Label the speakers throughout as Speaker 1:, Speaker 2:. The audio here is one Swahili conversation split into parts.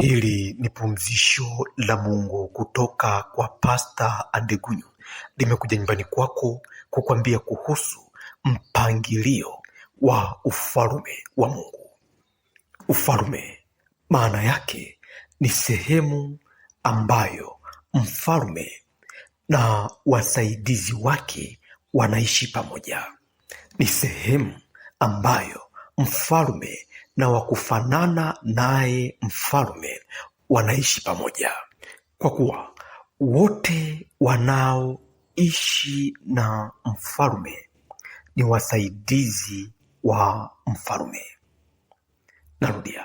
Speaker 1: Hili ni pumzisho la Mungu kutoka kwa Pasta Andegunyu, limekuja nyumbani kwako kukwambia kuhusu mpangilio wa ufalume wa Mungu. Ufalume maana yake ni sehemu ambayo mfalume na wasaidizi wake wanaishi pamoja, ni sehemu ambayo mfalume na wa kufanana naye mfalme wanaishi pamoja, kwa kuwa wote wanaoishi na mfalme ni wasaidizi wa mfalme. Narudia,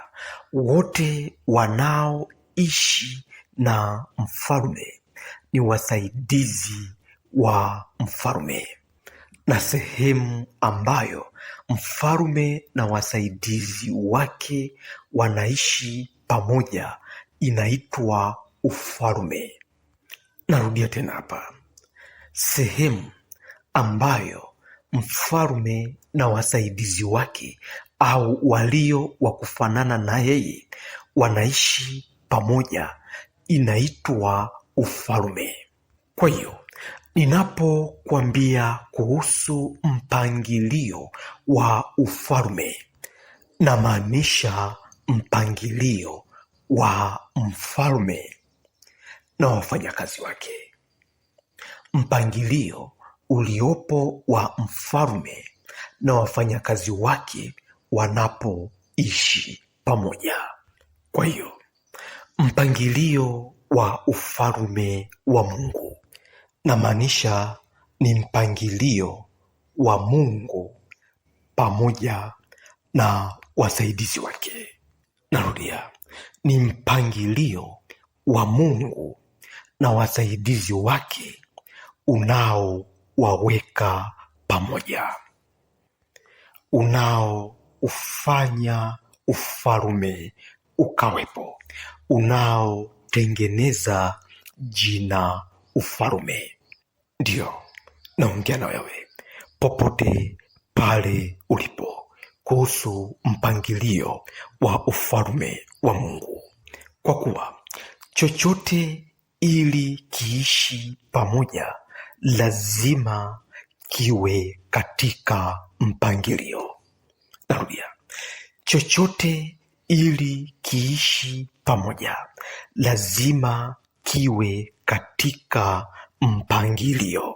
Speaker 1: wote wanaoishi na mfalme ni wasaidizi wa mfalme na sehemu ambayo mfalme na wasaidizi wake wanaishi pamoja inaitwa ufalme. Narudia tena hapa, sehemu ambayo mfalme na wasaidizi wake au walio wa kufanana na yeye wanaishi pamoja inaitwa ufalme. Kwa hiyo Ninapokuambia kuhusu mpangilio wa ufalme namaanisha mpangilio wa mfalme na wafanyakazi wake. Mpangilio uliopo wa mfalme na wafanyakazi wake wanapoishi pamoja. Kwa hiyo, mpangilio wa ufalme wa Mungu Namaanisha ni mpangilio wa Mungu pamoja na wasaidizi wake. Narudia, ni mpangilio wa Mungu na wasaidizi wake unaowaweka pamoja, unaoufanya ufarume ukawepo, unaotengeneza jina ufarume ndio naongea na wewe popote pale ulipo kuhusu mpangilio wa ufalume wa Mungu, kwa kuwa chochote ili kiishi pamoja lazima kiwe katika mpangilio. Narudia, chochote ili kiishi pamoja lazima kiwe katika mpangilio,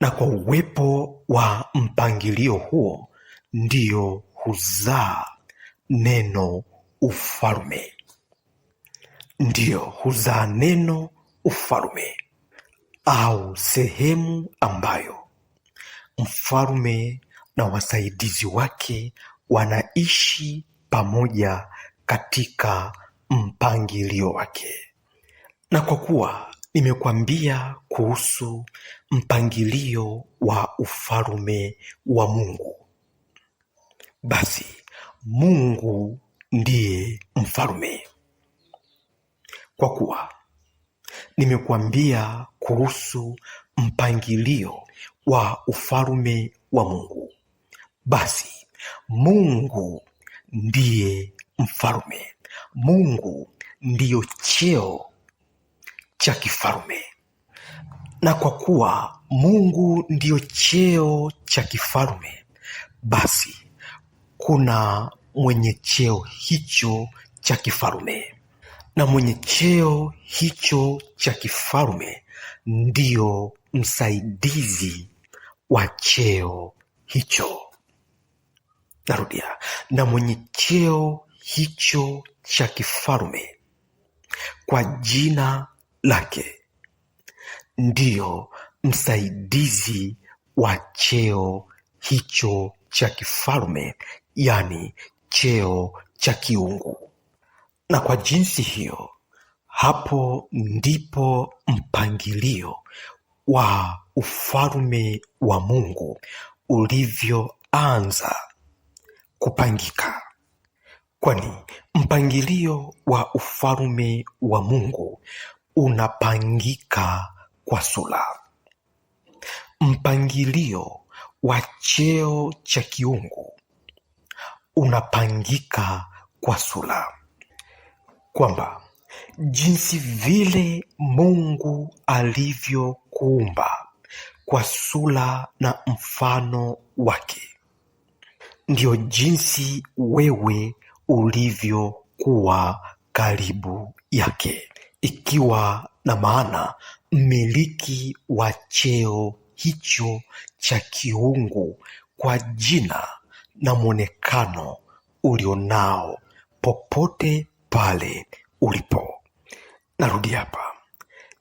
Speaker 1: na kwa uwepo wa mpangilio huo ndiyo huzaa neno ufalme, ndiyo huzaa neno ufalme au sehemu ambayo mfalme na wasaidizi wake wanaishi pamoja katika mpangilio wake. Na kwa kuwa nimekwambia kuhusu mpangilio wa ufalume wa Mungu. Basi Mungu ndiye mfalume. Kwa kuwa nimekwambia kuhusu mpangilio wa ufalume wa Mungu, basi Mungu ndiye mfalume. Mungu ndiyo cheo cha kifalme. Na kwa kuwa Mungu ndiyo cheo cha kifalme, basi kuna mwenye cheo hicho cha kifalme, na mwenye cheo hicho cha kifalme ndiyo msaidizi wa cheo hicho. Narudia, na mwenye cheo hicho cha kifalme kwa jina lake. Ndiyo msaidizi wa cheo hicho cha kifalme, yani cheo cha kiungu. Na kwa jinsi hiyo, hapo ndipo mpangilio wa ufalme wa Mungu ulivyoanza kupangika, kwani mpangilio wa ufalme wa Mungu unapangika kwa sura. Mpangilio wa cheo cha kiungu unapangika kwa sura, kwamba jinsi vile Mungu alivyokuumba kwa sura na mfano wake, ndiyo jinsi wewe ulivyokuwa karibu yake ikiwa na maana mmiliki wa cheo hicho cha kiungu kwa jina na mwonekano ulionao popote pale ulipo. Narudi hapa,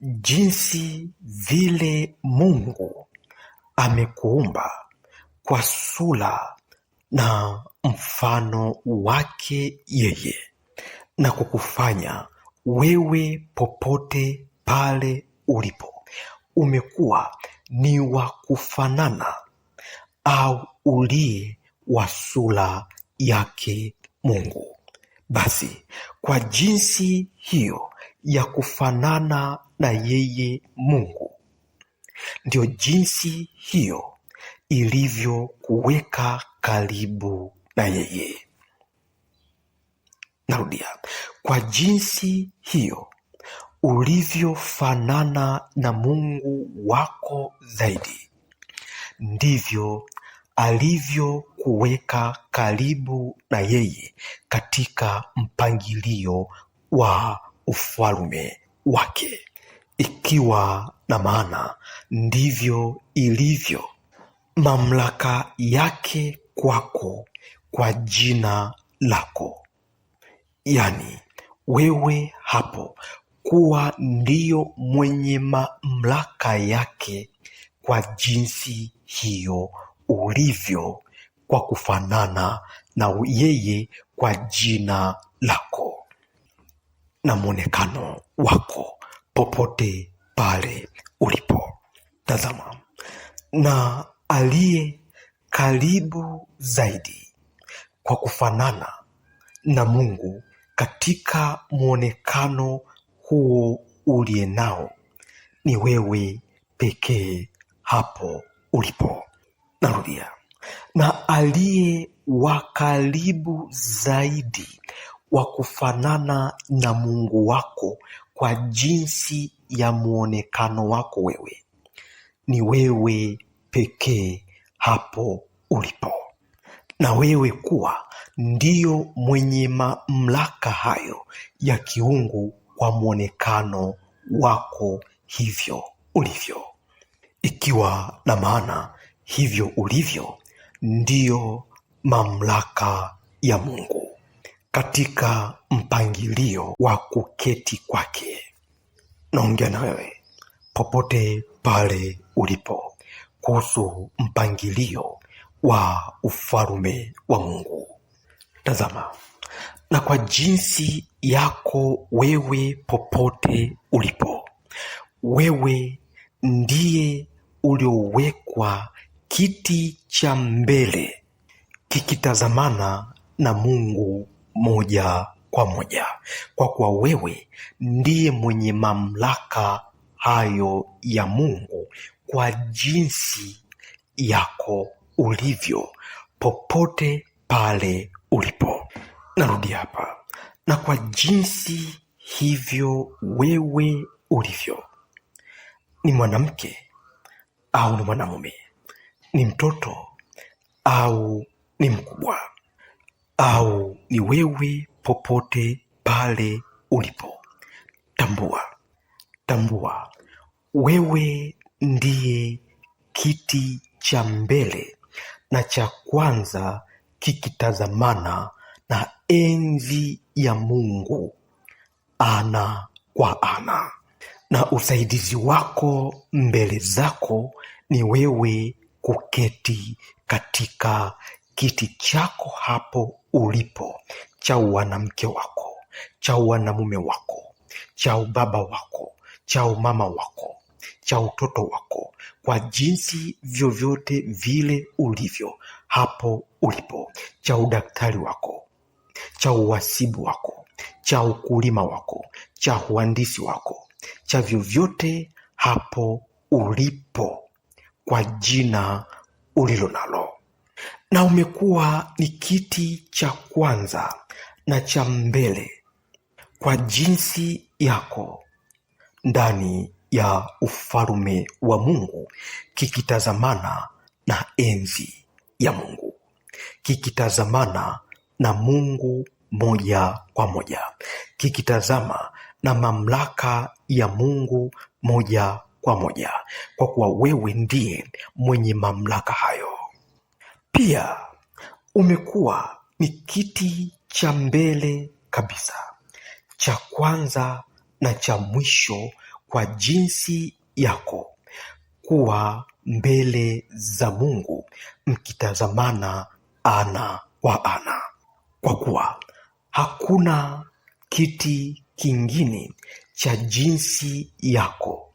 Speaker 1: jinsi vile Mungu amekuumba kwa sura na mfano wake yeye na kukufanya wewe popote pale ulipo umekuwa ni wa kufanana au uliye wa sura yake Mungu. Basi kwa jinsi hiyo ya kufanana na yeye Mungu, ndiyo jinsi hiyo ilivyokuweka karibu na yeye narudia, kwa jinsi hiyo ulivyofanana na Mungu wako zaidi, ndivyo alivyokuweka karibu na yeye katika mpangilio wa ufalme wake. Ikiwa na maana, ndivyo ilivyo mamlaka yake kwako kwa jina lako yani wewe hapo kuwa ndiyo mwenye mamlaka yake kwa jinsi hiyo ulivyo kwa kufanana na yeye kwa jina lako na mwonekano wako popote pale ulipo tazama na aliye karibu zaidi kwa kufanana na mungu katika mwonekano huo uliye nao, ni wewe pekee hapo ulipo. Narudia, na aliye wa karibu zaidi wa kufanana na Mungu wako kwa jinsi ya mwonekano wako wewe, ni wewe pekee hapo ulipo. Na wewe kuwa ndiyo mwenye mamlaka hayo ya kiungu kwa mwonekano wako hivyo ulivyo, ikiwa na maana hivyo ulivyo ndiyo mamlaka ya Mungu katika mpangilio wa kuketi kwake. Naongea na wewe popote pale ulipo kuhusu mpangilio wa ufalume wa Mungu. Tazama, na kwa jinsi yako wewe, popote ulipo wewe, ndiye uliowekwa kiti cha mbele kikitazamana na Mungu moja kwa moja, kwa kuwa wewe ndiye mwenye mamlaka hayo ya Mungu kwa jinsi yako ulivyo popote pale ulipo. Narudi hapa, na kwa jinsi hivyo wewe ulivyo, ni mwanamke au ni mwanamume, ni mtoto au ni mkubwa, au ni wewe, popote pale ulipo, tambua, tambua wewe ndiye kiti cha mbele na cha kwanza kikitazamana na enzi ya Mungu ana kwa ana, na usaidizi wako mbele zako ni wewe kuketi katika kiti chako hapo ulipo, cha wanamke wako, cha wanamume wako, cha ubaba wako, cha umama wako cha utoto wako kwa jinsi vyovyote vile ulivyo, hapo ulipo, cha udaktari wako, cha uhasibu wako, cha ukulima wako, cha uhandisi wako, cha vyovyote hapo ulipo, kwa jina ulilo nalo. Na umekuwa ni kiti cha kwanza na cha mbele kwa jinsi yako ndani ya ufalume wa Mungu kikitazamana na enzi ya Mungu kikitazamana na Mungu moja kwa moja, kikitazama na mamlaka ya Mungu moja kwa moja, kwa kuwa wewe ndiye mwenye mamlaka hayo. Pia umekuwa ni kiti cha mbele kabisa, cha kwanza na cha mwisho, kwa jinsi yako kuwa mbele za Mungu mkitazamana ana kwa ana, kwa kuwa hakuna kiti kingine cha jinsi yako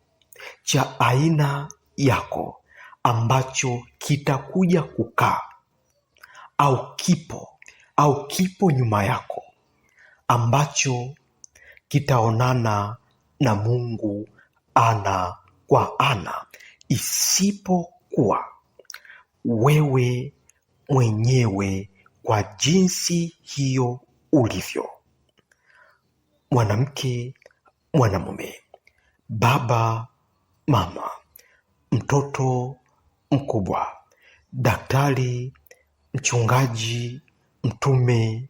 Speaker 1: cha aina yako ambacho kitakuja kukaa au kipo au kipo nyuma yako ambacho kitaonana na Mungu ana kwa ana isipokuwa wewe mwenyewe kwa jinsi hiyo ulivyo, mwanamke, mwanamume, baba, mama, mtoto, mkubwa, daktari, mchungaji, mtume,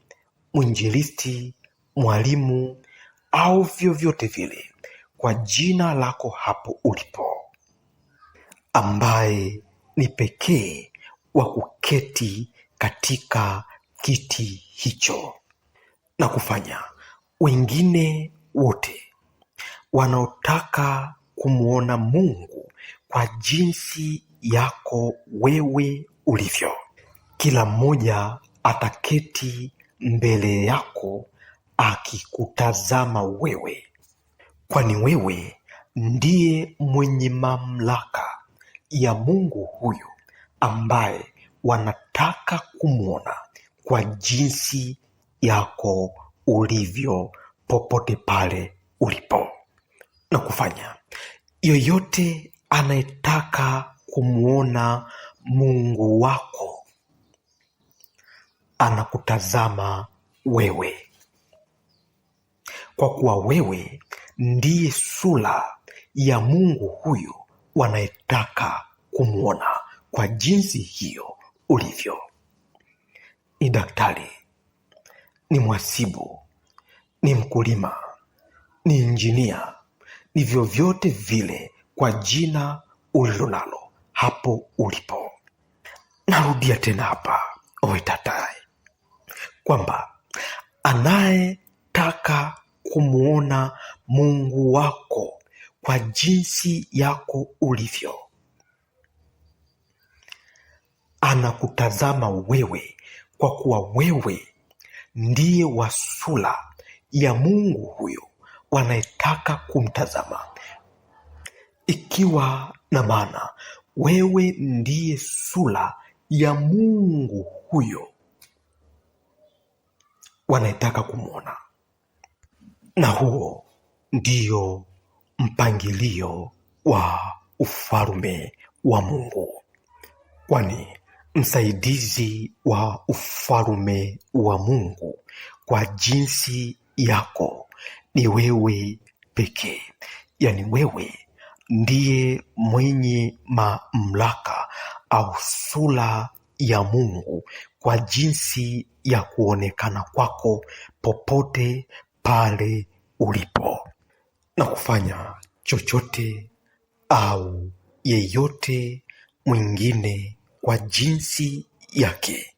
Speaker 1: mwinjilisti, mwalimu au vyovyote vile, kwa jina lako hapo ulipo, ambaye ni pekee wa kuketi katika kiti hicho na kufanya wengine wote wanaotaka kumwona Mungu kwa jinsi yako wewe ulivyo. Kila mmoja ataketi mbele yako akikutazama wewe, kwani wewe ndiye mwenye mamlaka ya Mungu huyu ambaye wanataka kumwona kwa jinsi yako ulivyo popote pale ulipo na kufanya yoyote anayetaka kumwona Mungu wako anakutazama wewe, kwa kuwa wewe ndiye sura ya Mungu huyu wanayetaka kumwona kwa jinsi hiyo ulivyo. Ni daktari, ni mhasibu, ni mkulima, ni injinia, ni vyovyote vile kwa jina ulilo nalo hapo ulipo. Narudia tena hapa owetatae kwamba anayetaka kumwona Mungu wako kwa jinsi yako ulivyo. Anakutazama wewe kwa kuwa wewe ndiye wasula ya Mungu huyo wanayetaka kumtazama, ikiwa na maana wewe ndiye sura ya Mungu huyo wanayetaka kumwona, na huo ndio mpangilio wa ufalme wa Mungu, kwani msaidizi wa ufalme wa Mungu kwa jinsi yako ni wewe pekee, yaani wewe ndiye mwenye mamlaka au sura ya Mungu kwa jinsi ya kuonekana kwako popote pale ulipo na kufanya chochote au yeyote mwingine kwa jinsi yake,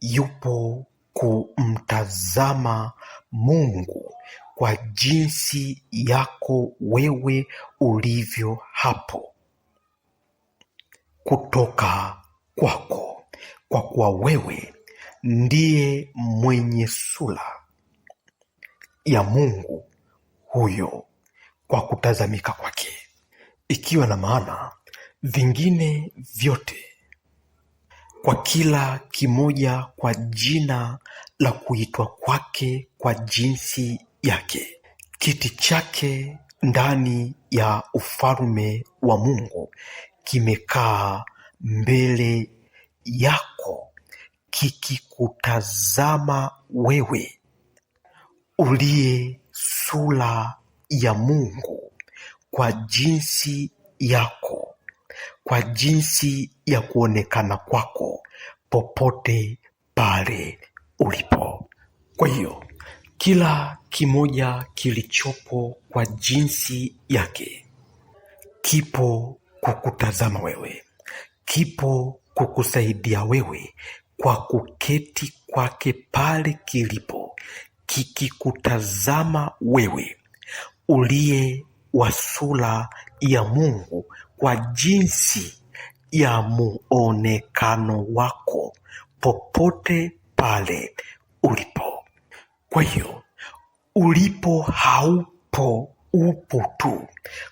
Speaker 1: yupo kumtazama Mungu kwa jinsi yako wewe ulivyo hapo kutoka kwako, kwa kuwa wewe ndiye mwenye sura ya Mungu huyo kwa kutazamika kwake, ikiwa na maana vingine vyote, kwa kila kimoja kwa jina la kuitwa kwake, kwa jinsi yake, kiti chake ndani ya ufalme wa Mungu kimekaa mbele yako kikikutazama wewe uliye sura ya Mungu kwa jinsi yako, kwa jinsi ya kuonekana kwako popote pale ulipo. Kwa hiyo kila kimoja kilichopo kwa jinsi yake kipo kukutazama wewe, kipo kukusaidia wewe kwa kuketi kwake pale kilipo, kikikutazama wewe uliye wa sura ya Mungu kwa jinsi ya muonekano wako popote pale ulipo. Kwa hiyo ulipo haupo, upo tu,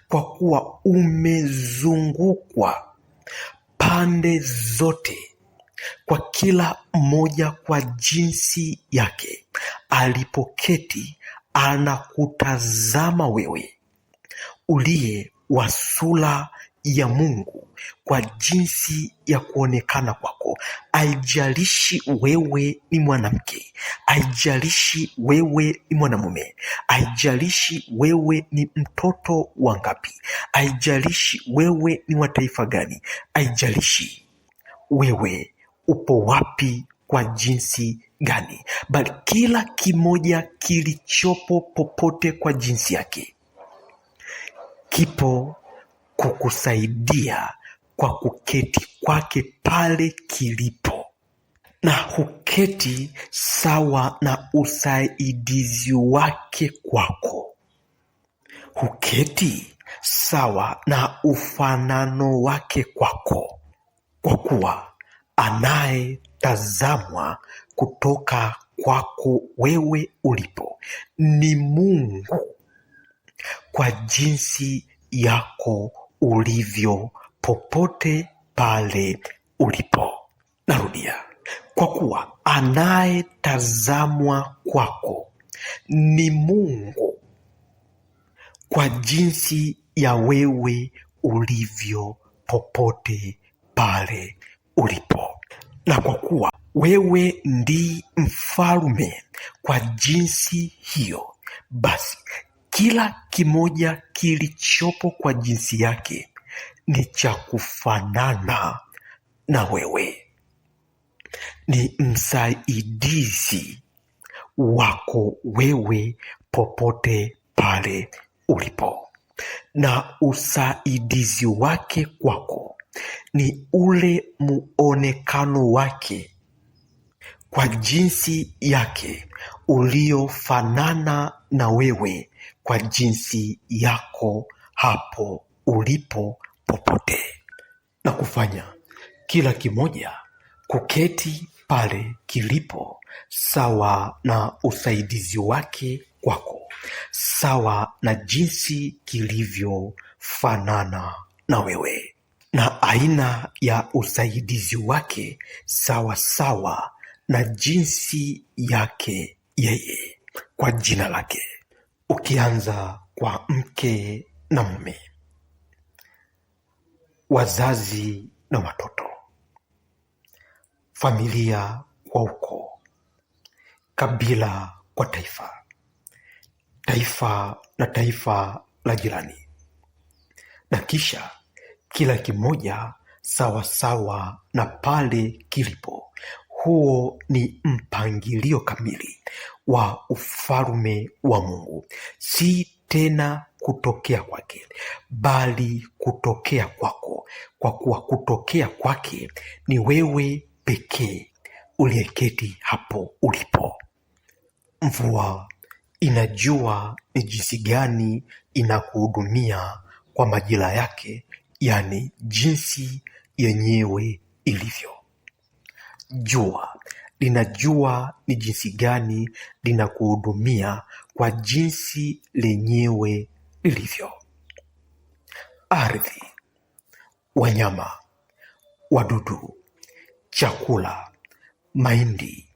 Speaker 1: kwa kuwa umezungukwa pande zote kwa kila mmoja kwa jinsi yake, alipoketi anakutazama wewe uliye wa sura ya Mungu kwa jinsi ya kuonekana kwako. aijarishi wewe ni mwanamke, aijarishi wewe ni mwanamume, aijarishi wewe ni mtoto wa ngapi, aijarishi wewe ni wa taifa gani, aijarishi wewe upo wapi kwa jinsi gani, bali kila kimoja kilichopo popote kwa jinsi yake kipo kukusaidia kwa kuketi kwake pale kilipo, na huketi sawa na usaidizi wake kwako, huketi sawa na ufanano wake kwako, kwa kuwa anayetazamwa kutoka kwako wewe ulipo ni Mungu kwa jinsi yako ulivyo popote pale ulipo. Narudia, kwa kuwa anayetazamwa kwako ni Mungu kwa jinsi ya wewe ulivyo popote pale ulipo, na kwa kuwa wewe ndi mfalme kwa jinsi hiyo, basi kila kimoja kilichopo kwa jinsi yake ni cha kufanana na wewe. Ni msaidizi wako wewe popote pale ulipo, na usaidizi wake kwako ni ule muonekano wake kwa jinsi yake uliofanana na wewe kwa jinsi yako hapo ulipo popote, na kufanya kila kimoja kuketi pale kilipo sawa na usaidizi wake kwako, sawa na jinsi kilivyofanana na wewe na aina ya usaidizi wake sawasawa na jinsi yake yeye kwa jina lake, ukianza kwa mke na mume, wazazi na watoto, familia kwa uko kabila kwa taifa, taifa na taifa la jirani, na kisha kila kimoja sawasawa na pale kilipo. Huo ni mpangilio kamili wa ufalume wa Mungu, si tena kutokea kwake, bali kutokea kwako, kwa kuwa kutokea kwake ni wewe pekee uliyeketi hapo ulipo. Mvua inajua ni jinsi gani inakuhudumia kwa majira yake yani jinsi yenyewe ilivyo. Jua linajua ni jinsi gani linakuhudumia kwa jinsi lenyewe lilivyo. Ardhi, wanyama, wadudu, chakula, mahindi,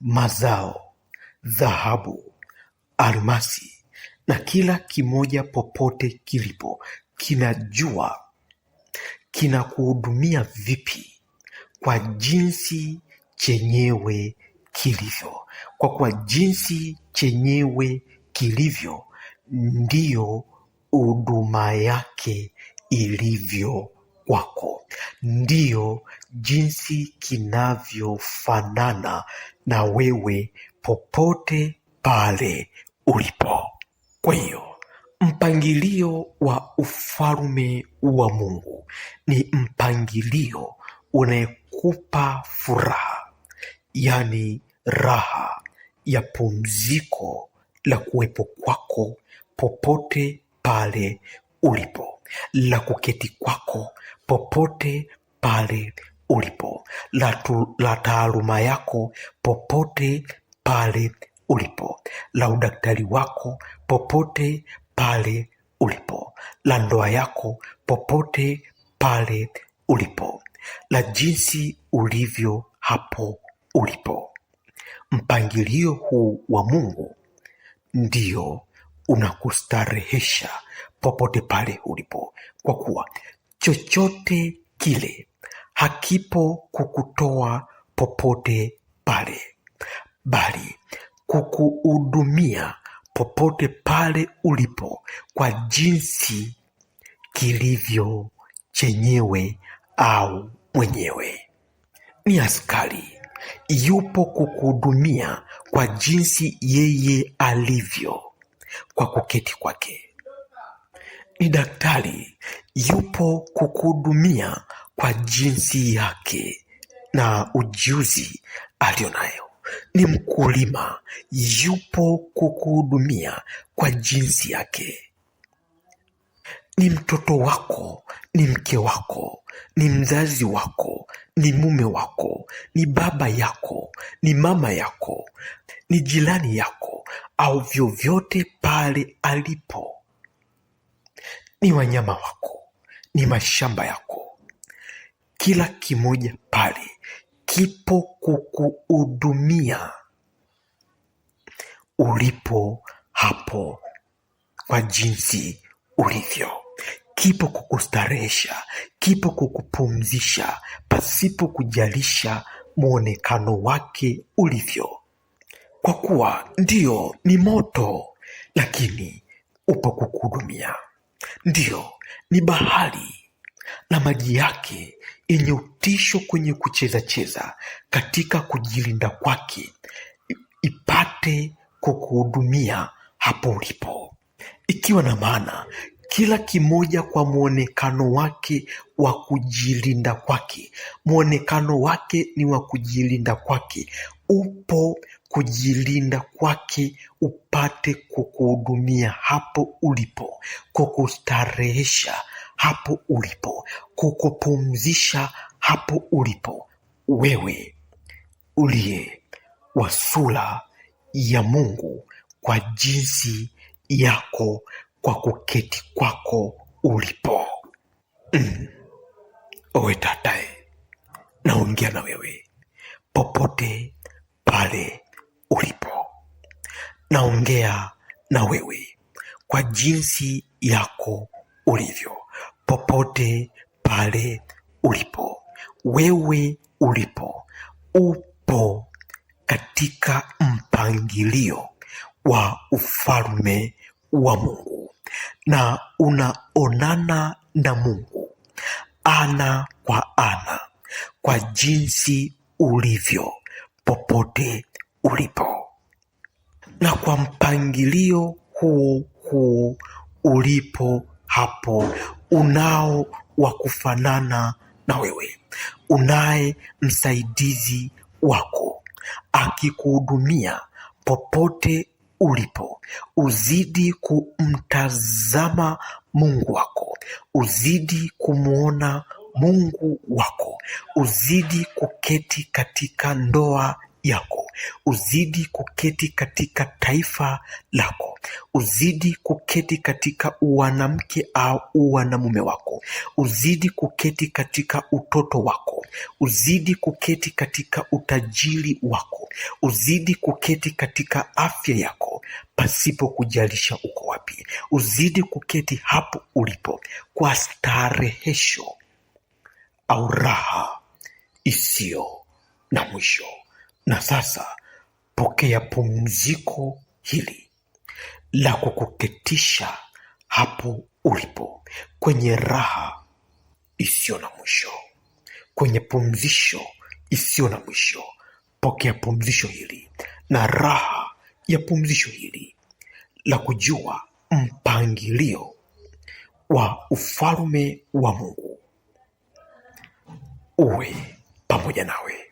Speaker 1: mazao, dhahabu, almasi na kila kimoja popote kilipo kinajua kinakuhudumia vipi kwa jinsi chenyewe kilivyo. Kwa kuwa jinsi chenyewe kilivyo ndiyo huduma yake ilivyo kwako, ndiyo jinsi kinavyofanana na wewe popote pale ulipo. Kwa hiyo Mpangilio wa ufalme wa Mungu ni mpangilio unayekupa furaha, yaani raha ya pumziko la kuwepo kwako popote pale ulipo, la kuketi kwako popote pale ulipo, la, tu, la taaluma yako popote pale ulipo, la udaktari wako popote pale ulipo, la ndoa yako popote pale ulipo, la jinsi ulivyo hapo ulipo. Mpangilio huu wa Mungu ndio unakustarehesha popote pale ulipo, kwa kuwa chochote kile hakipo kukutoa popote pale, bali kukuhudumia popote pale ulipo kwa jinsi kilivyo chenyewe au mwenyewe. Ni askari yupo kukuhudumia kwa jinsi yeye alivyo kwa kuketi kwake. Ni daktari yupo kukuhudumia kwa jinsi yake na ujuzi aliyo nayo ni mkulima, yupo kukuhudumia kwa jinsi yake. Ni mtoto wako, ni mke wako, ni mzazi wako, ni mume wako, ni baba yako, ni mama yako, ni jirani yako, au vyovyote pale alipo. Ni wanyama wako, ni mashamba yako, kila kimoja pale kipo kukuhudumia ulipo hapo kwa jinsi ulivyo. Kipo kukustarehesha, kipo kukupumzisha pasipo kujalisha mwonekano wake ulivyo, kwa kuwa ndiyo ni moto, lakini upo kukuhudumia. Ndiyo ni bahari na maji yake yenye utisho kwenye kucheza cheza katika kujilinda kwake ipate kukuhudumia hapo ulipo, ikiwa na maana kila kimoja kwa mwonekano wake wa kujilinda kwake. Mwonekano wake ni wa kujilinda kwake, upo kujilinda kwake upate kukuhudumia hapo ulipo, kukustarehesha hapo ulipo, kukupumzisha hapo ulipo, wewe uliye wa sura ya Mungu kwa jinsi yako, kwa kuketi kwako ulipo. Mm. Owe tatae, naongea na wewe popote pale ulipo. Naongea na wewe kwa jinsi yako ulivyo, popote pale ulipo, wewe ulipo, upo katika mpangilio wa ufalme wa Mungu na unaonana na Mungu ana kwa ana kwa jinsi ulivyo popote ulipo, na kwa mpangilio huo huo ulipo hapo, unao wa kufanana na wewe, unaye msaidizi wako akikuhudumia popote ulipo. Uzidi kumtazama Mungu wako, uzidi kumwona Mungu wako, uzidi kuketi katika ndoa yako, uzidi kuketi katika taifa lako, uzidi kuketi katika uwanamke au uwanamume wako, uzidi kuketi katika utoto wako, uzidi kuketi katika utajiri wako, uzidi kuketi katika afya yako, pasipo kujalisha uko wapi, uzidi kuketi hapo ulipo kwa starehesho au raha isiyo na mwisho. Na sasa pokea pumziko hili la kukuketisha hapo ulipo kwenye raha isiyo na mwisho, kwenye pumzisho isiyo na mwisho. Pokea pumzisho hili na raha ya pumzisho hili la kujua mpangilio wa ufalme wa Mungu uwe pamoja nawe.